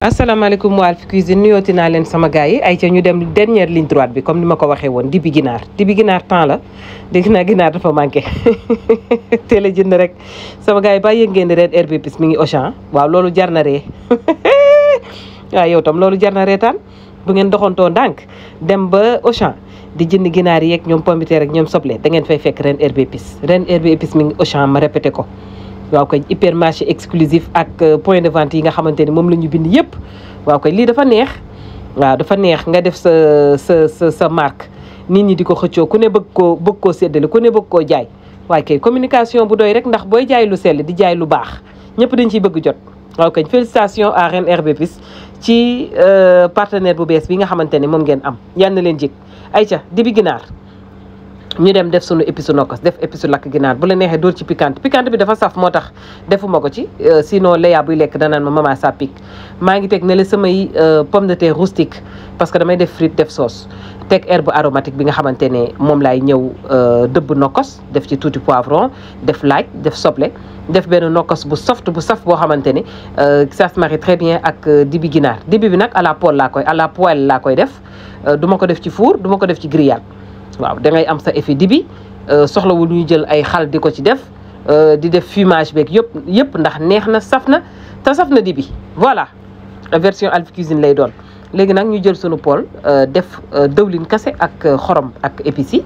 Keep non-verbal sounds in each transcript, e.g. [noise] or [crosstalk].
asalaamaaleykum waa Alphie Cuisine nuyooti naa leen sama gaay yi ay ñu dem dernière ligne bi comme ni ma ko waxee woon dibi ginaar dibi ginaar temps la dégg naa ginaar dafa manqué [laughs] teel a jënd rek sama gaay yi ba yëg ngeen ni Red Herbes épices mi ngi Auchan waaw loolu jar na ree [laughs] waaw yow tam loolu jar na reetaan bu ngeen doxantoo ndànk dem ba Auchan di jënd ginaar yeeg ñoom pombiteer rek ñoom soble da ngeen fay fekk ren Herbes Épices Reen Herbes Épices mi ngi Auchan ma répété ko waaw koy hypermarché exclusif ak euh, point de vente yi nga xamante ni moom la ñu bind yëpp waaw koy lii dafa neex waaw dafa neex nga def sa sa sa sa marque nit ñi di ko xëccoo ku ne bëgg koo bëgg koo séddale ku ne bëgg koo jaay waaye kay communication bu doy rek ndax booy jaay lu sell di jaay lu baax ñëpp dañ ciy bëgg jot waaw kay ci euh, partenaire bu bees bi nga xamante ne moom ngeen am yal na leen ay ayca dibi ginaar ñu dem def sunu épices nokkos def épices lakk ginaar bu la neexee dóor ci piquante piquante bi dafa moo tax defuma ko ci euh, sinon buy lekk danaan ma maman ça maa ngi teg ne la samay euh, pomme parce que damay def frite def sauce teg herbe aromatique bi nga xamante ne moom laay ñëw euh, dëbb nokkos def ci tuuti poivron def laaj def soble def benn nokkos bu soft bu saf boo xamante ne ça se marie très bien ak dibi ginaar dibi bi nag à la poêle laa koy à la poêle laa koy def du ma ko def ci four du ko def ci grillade waaw da am sa effet dibi euh, soxlawul ñuy jël ay xal di ko ci def euh, di def fumage beeg yëpp yëpp ndax neex na saf na te saf na dibi voilà version Alphie Cuisine lay doon léegi nag ñu jël sunu pool euh, def dëwlin kase ak xorom ak épices yi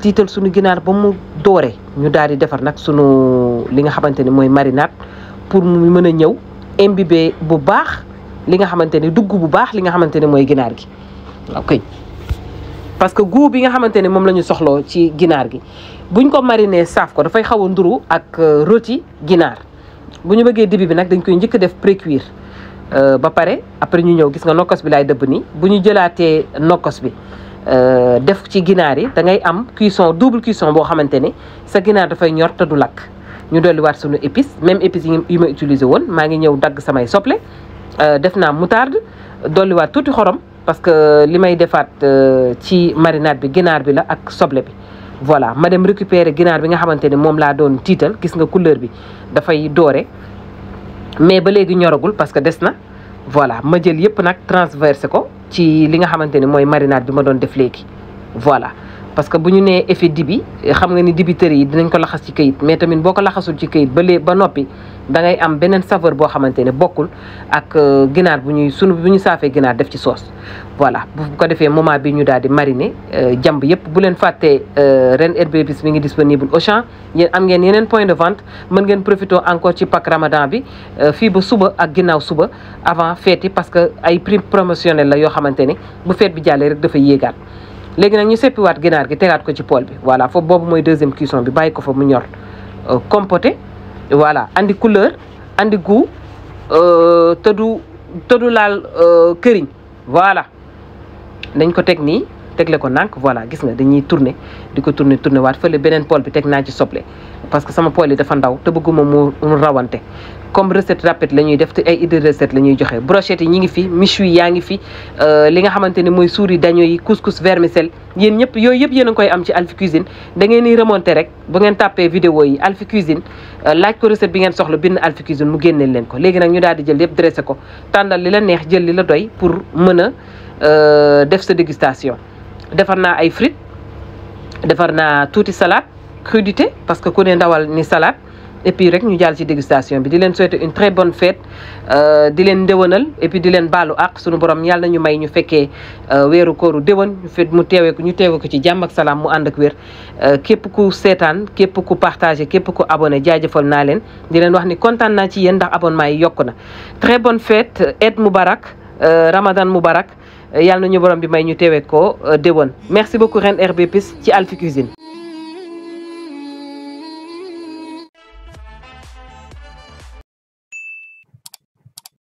tiital sunu ginaar ba mu doore ñu daal di defar nag sunu li nga xamante ni mooy marinade pour mu mën a ñëw imbibé bu baax li nga xamante ni dugg bu baax li nga xamante ni mooy ginaar gi ok parce que goût bi nga xamante ne moom la ñu soxloo ci ginaar gi buñ ko mariner saaf ko dafay xaw nduru ak euh, rôti ginaar bu ñu bëggee dibi bi nag dañ koy njëkk def précuire euh, ba pare après ñu ñëw gis nga nokkos bi laay dëbb nii bu ñu jëlaatee nokkos bi euh, def ci ginaar yi da ngay am cuisson double cuisson boo xamante ne sa ginaar dafay ñor du lakk ñu dolliwaat suñu épice même épice yi ma utiliser woon maa ngi ñëw dagg samay soble def naa moutarde dolliwaat tuuti xorom parce que li may defaat euh, ci marinade bi ginaar bi la ak soble bi voilà ma dem récupérer ginaar bi nga xamante ni moom laa doon tiital gis nga couleur bi dafay doore mais ba léegi ñoragul parce que des na voilà ma jël yëpp nag transversé ko ci li nga xamante ne mooy marinade bi ma doon def léegi voilà parce que bu ñu nee effet dibi xam nga ni dibiteri yi dinañ ko laxas ci kayit mais tamit boo ko laxasul ci kayit ba lee ba noppi dangay am beneen saveur boo xamante ne bokkul ak euh, ginaar bu ñuy sunu bu ñu saafee ginaar def ci soos. voilà bu ko defee moment bi ñu daal di marine euh, jàmb yëpp bu leen fàttee euh, Reen Herbes et Épices mi ngi disponible Auchan yéen am ngeen yeneen point de vente mën ngeen profité encore ci pack Ramadan bi fii ba suba ak ginnaaw suba avant fête parce que ay prix promotionnel la yoo xamante ne bu fête bi jàllee rek dafa yéegaat. léegi nag ñu seppiwaat ginaar gi tegaat ko ci poêle bi voilà foofu boobu mooy deuxième cuisson bi bay ko fa mu ñor euh, compoté voilà andi couleur andi goût euh, te du te du laal euh, këriñ voilà dañ ko teg nii tegle ko nank voilà gis nga dañuy tourner di ko tourner tourner waat fële beneen poêle bi teg naa ci soble parce que sama poêle yi dafa ndaw te bëgguma mu rawante comme recette rapide la ñuy def te ay idée recette la ñuy joxe brochette yi ñi ngi fi michu yi yaa ngi fi euh, li nga xamante ne mooy suuri daño yi couscous vermicelle yéen ñëpp yooyu yëpp a ngi koy am ci Alphie Cuisine da ngeen remonter rek bu ngeen tàppee vidéo yi Alphie Cuisine euh, laaj ko recette bi ngeen soxla bind Alphie Cuisine mu génneel leen ko léegi nag ñu daal di jël yëpp dressé ko tàndal neex jël li la doy pour mën a euh, def sa dégustation defar naa ay frites defar naa tuuti salade crudité parce que ku ne ni salade et puis rek ñu jaal ci dégustation bi di leen souhaiter une très bonne fête euh, di leen ndéwénal et di leen baalu ak sunu borom yàlla ñu may ñu fekkee euh, weeru kooru déwén mu teewee ko ñu teewee ko ci jàmm ak salaam mu ànd ak wér euh, képp ku seetaan képp ku partager képp ku abonné jaajëfal naa leen di leen wax ni kontaan naa ci yéen ndax abonnement yi yokku na très bonne fête Eid Mubarak Ramadan Mubarak yàlla ñu borom bi may ñu teewee ko déwén merci beaucoup Reen Herbes et ci Alphie Cuisine